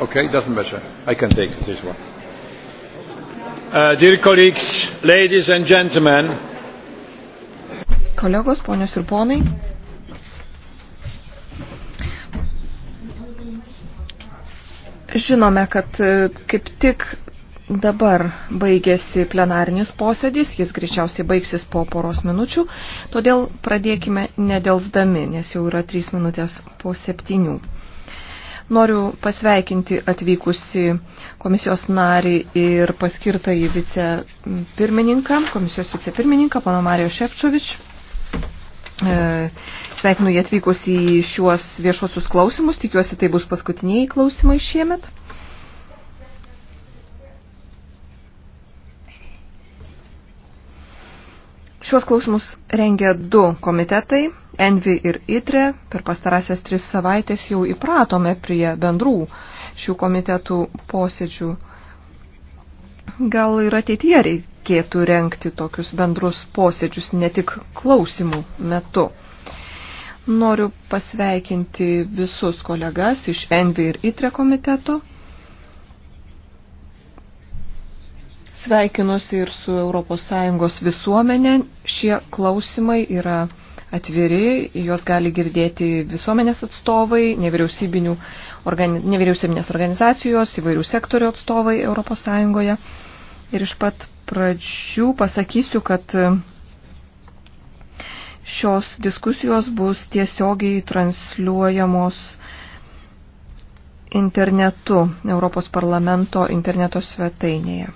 Okay, doesn't matter. I can take this one. Uh, dear colleagues, ladies and gentlemen. Kolegos, ponios ir ponai. Žinome, kad e, kaip tik dabar baigėsi plenarinis posėdis, jis greičiausiai baigsis po poros minučių, todėl pradėkime nedelsdami, nes jau yra trys minutės po septynių. Noriu pasveikinti atvykusi komisijos narį ir paskirtą į vicepirmininką, komisijos vicepirmininką, pono Marijo Šepčovič. E, sveikinu jį atvykus į šiuos viešuosius klausimus, tikiuosi tai bus paskutiniai klausimai šiemet. Šiuos klausimus rengia du komitetai Envi ir Itre per pastarąsias tris savaitės jau įpratome prie bendrų šių komitetų posėdžių. Gal ir ateityje reikėtų renkti tokius bendrus posėdžius ne tik klausimų metu. Noriu pasveikinti visus kolegas iš Envi ir Itre komiteto. Sveikinuosi ir su ES visuomenė. Šie klausimai yra atviri, juos gali girdėti visuomenės atstovai, organi, nevyriausybinės organizacijos, įvairių sektorių atstovai ES. Ir iš pat pradžių pasakysiu, kad šios diskusijos bus tiesiogiai transliuojamos internetu Europos parlamento interneto svetainėje.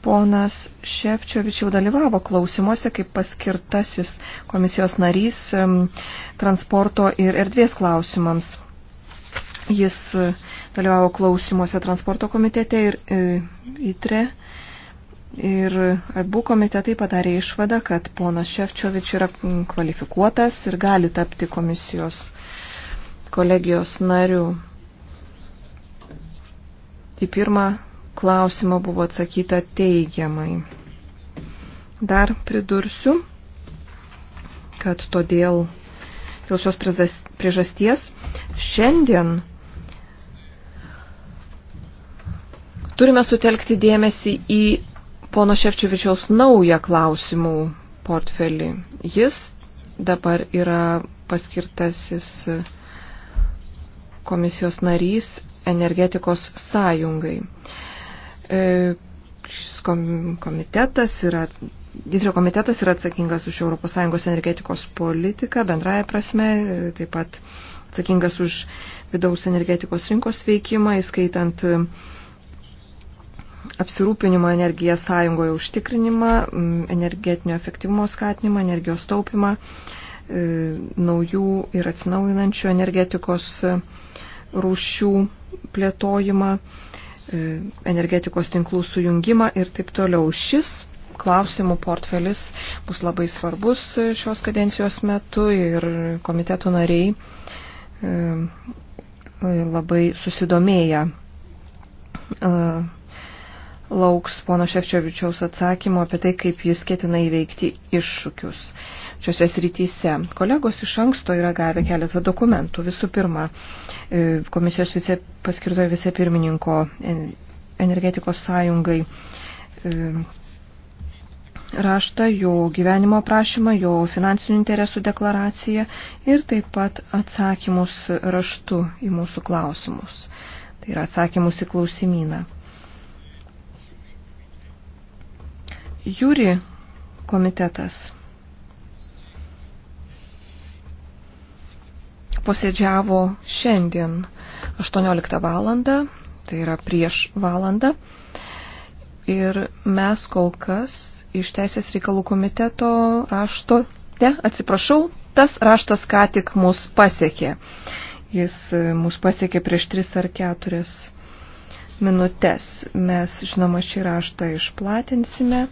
Ponas Šepčiovičiau dalyvavo klausimuose kaip paskirtasis komisijos narys transporto ir erdvės klausimams. Jis e, dalyvavo klausimuose transporto komitete ir įtre. E, ir abu komitetai padarė išvadą, kad ponas Šefčiovič yra kvalifikuotas ir gali tapti komisijos kolegijos narių. Tai pirmą klausimo buvo atsakyta teigiamai. Dar pridursiu, kad todėl dėl šios priežasties šiandien turime sutelkti dėmesį į pono Ševčiovičiaus naują klausimų portfelį. Jis dabar yra paskirtasis komisijos narys energetikos sąjungai. E, šis komitetas yra, Izraelio komitetas yra atsakingas už ES energetikos politiką bendraja prasme, e, taip pat atsakingas už vidaus energetikos rinkos veikimą, įskaitant e, apsirūpinimo energiją sąjungoje užtikrinimą, energetinio efektyvumo skatinimą, energijos taupimą, naujų ir atsinaujinančių energetikos rūšių plėtojimą energetikos tinklų sujungimą ir taip toliau. Šis klausimų portfelis bus labai svarbus šios kadencijos metu ir komitetų nariai e, labai susidomėję e, lauks pono Šefčiovičiaus atsakymo apie tai, kaip jis ketina įveikti iššūkius šiuose srityse. Kolegos iš anksto yra gavę keletą dokumentų. Visų pirma, e, komisijos vice, paskirtojo vicepirmininko energetikos sąjungai e, raštą, jo gyvenimo aprašymą, jo finansinių interesų deklaraciją ir taip pat atsakymus raštu į mūsų klausimus. Tai yra atsakymus į klausimyną. Jūri komitetas posėdžiavo šiandien 18 valandą, tai yra prieš valandą. Ir mes kol kas iš Teisės reikalų komiteto rašto, ne, atsiprašau, tas raštas ką tik mus pasiekė. Jis e, mus pasiekė prieš tris ar keturias minutės. Mes, žinoma, šį raštą išplatinsime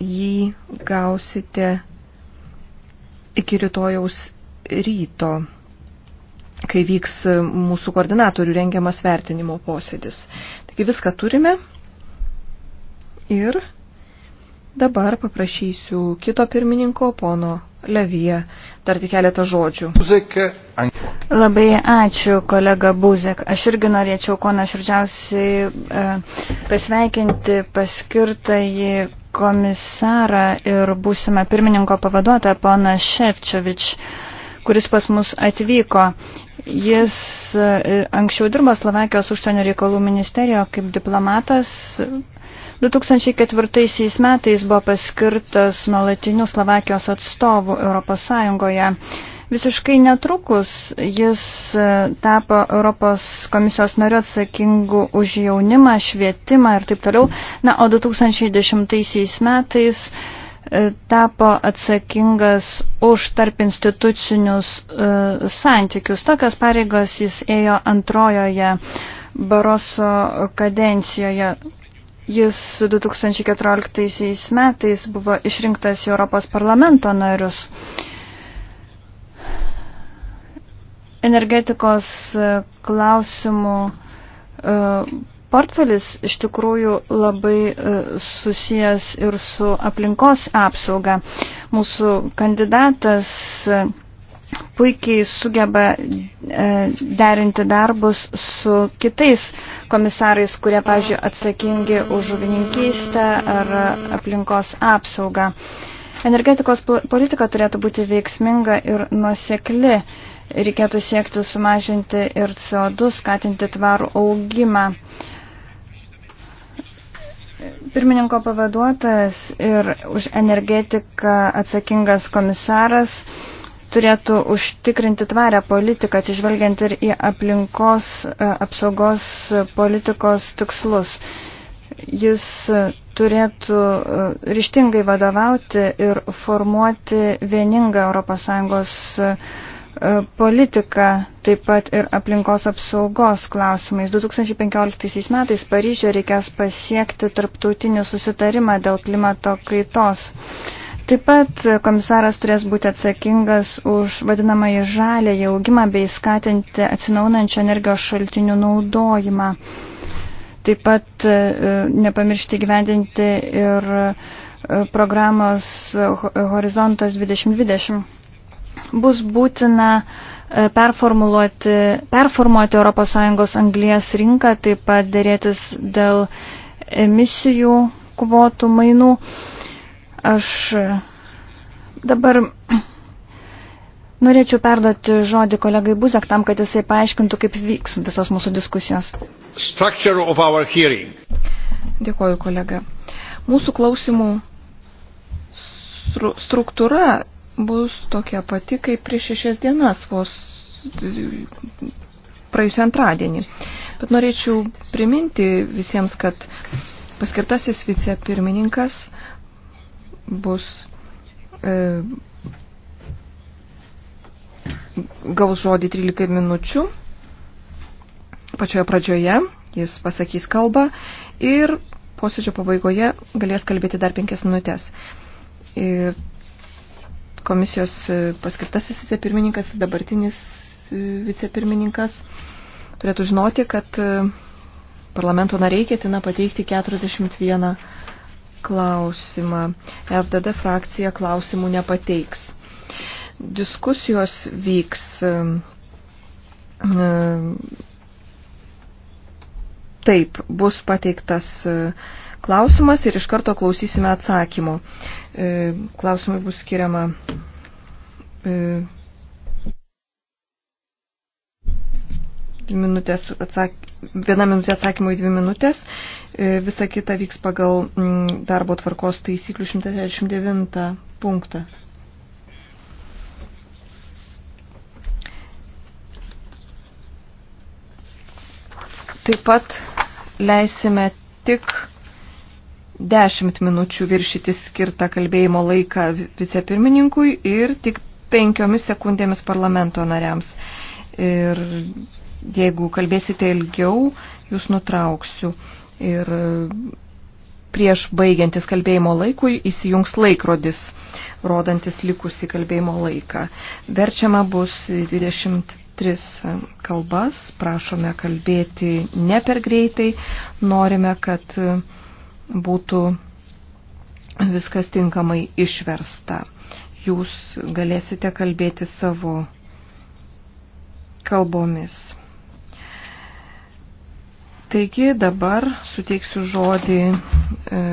jį gausite iki rytojaus ryto, kai vyks mūsų koordinatorių rengiamas vertinimo posėdis. Taigi viską turime ir dabar paprašysiu kito pirmininko, pono Levyje, dar tik keletą žodžių. Labai ačiū, kolega Buzek. Aš irgi norėčiau, ko naširdžiausiai e, pasveikinti paskirtąjį komisarą ir būsimą pirmininko pavaduotą poną Ševčiovič, kuris pas mus atvyko. Jis e, anksčiau dirbo Slovakijos užsienio reikalų ministerijoje kaip diplomatas. 2004 metais buvo paskirtas nuolatiniu Slovakijos atstovu Europos Sąjungoje. Visiškai netrukus jis e, tapo Europos komisijos nariu atsakingu už jaunimą, švietimą ir taip toliau. Na, o 2010 metais e, tapo atsakingas už tarp institucinius uh, e, santykius. Tokias pareigos jis ėjo antrojoje Baroso kadencijoje. Jis 2014 metais buvo išrinktas Europos parlamento narius. Uh, energetikos e, klausimų e, portfelis iš tikrųjų labai e, susijęs ir su aplinkos apsauga. Mūsų kandidatas puikiai sugeba derinti darbus su kitais komisarais, kurie, pavyzdžiui, atsakingi už žuvininkystę ar aplinkos apsaugą. Energetikos politika turėtų būti veiksminga ir nusekli. Reikėtų siekti sumažinti ir CO2, skatinti tvarų augimą. Pirmininko pavaduotojas ir už energetiką atsakingas komisaras turėtų užtikrinti tvarę politiką, atsižvelgiant ir į aplinkos e, apsaugos politikos tikslus. Jis turėtų e, ryštingai vadovauti ir formuoti vieningą ES e, e, politiką, taip pat ir aplinkos apsaugos klausimais. 2015 metais Paryžioje reikės pasiekti tarptautinį susitarimą dėl klimato kaitos. Taip pat komisaras turės būti atsakingas už vadinamąjį žalę jaugimą bei skatinti atsinaunančio energijos šaltinių naudojimą. Taip pat e, e, nepamiršti gyvendinti ir e, programos Horizontas 2020. Bus būtina performuoti, performuoti ES anglijas rinką, taip pat dėrėtis dėl emisijų kvotų mainų. Aš dabar norėčiau perduoti žodį kolegai Buzek tam, kad jisai paaiškintų, kaip vyks visos mūsų diskusijos structure of our hearing. Dėkoju, kolega. Mūsų klausimų stru struktūra bus tokia pati, kaip prieš šešias dienas vos praėjusią antradienį. Bet norėčiau priminti visiems, kad paskirtasis vicepirmininkas bus e, gaus žodį 13 minučių pačioje pradžioje, jis pasakys kalbą ir posėdžio pabaigoje galės kalbėti dar penkias minutės. Ir komisijos paskirtasis vicepirmininkas ir dabartinis vicepirmininkas turėtų žinoti, kad parlamento nariai ketina pateikti 41 klausimą. FDD frakcija klausimų nepateiks. Diskusijos vyks Taip, bus pateiktas e, klausimas ir iš karto klausysime atsakymo. E, klausimai bus skiriama. E, minutės atsak... Viena minutė atsakymui dvi minutės. Visa kita vyks pagal darbo tvarkos taisyklių 169 punktą. Taip pat leisime tik 10 minučių viršyti skirtą kalbėjimo laiką vicepirmininkui ir tik 5 sekundėmis parlamento nariams. Ir jeigu kalbėsite ilgiau, jūs nutrauksiu. Ir prieš baigiantis kalbėjimo laikui įsijungs laikrodis, rodantis likusį kalbėjimo laiką. Verčiama bus 20 tris kalbas, prašome kalbėti ne per greitai, norime, kad būtų viskas tinkamai išversta. Jūs galėsite kalbėti savo kalbomis. Taigi dabar suteiksiu žodį e,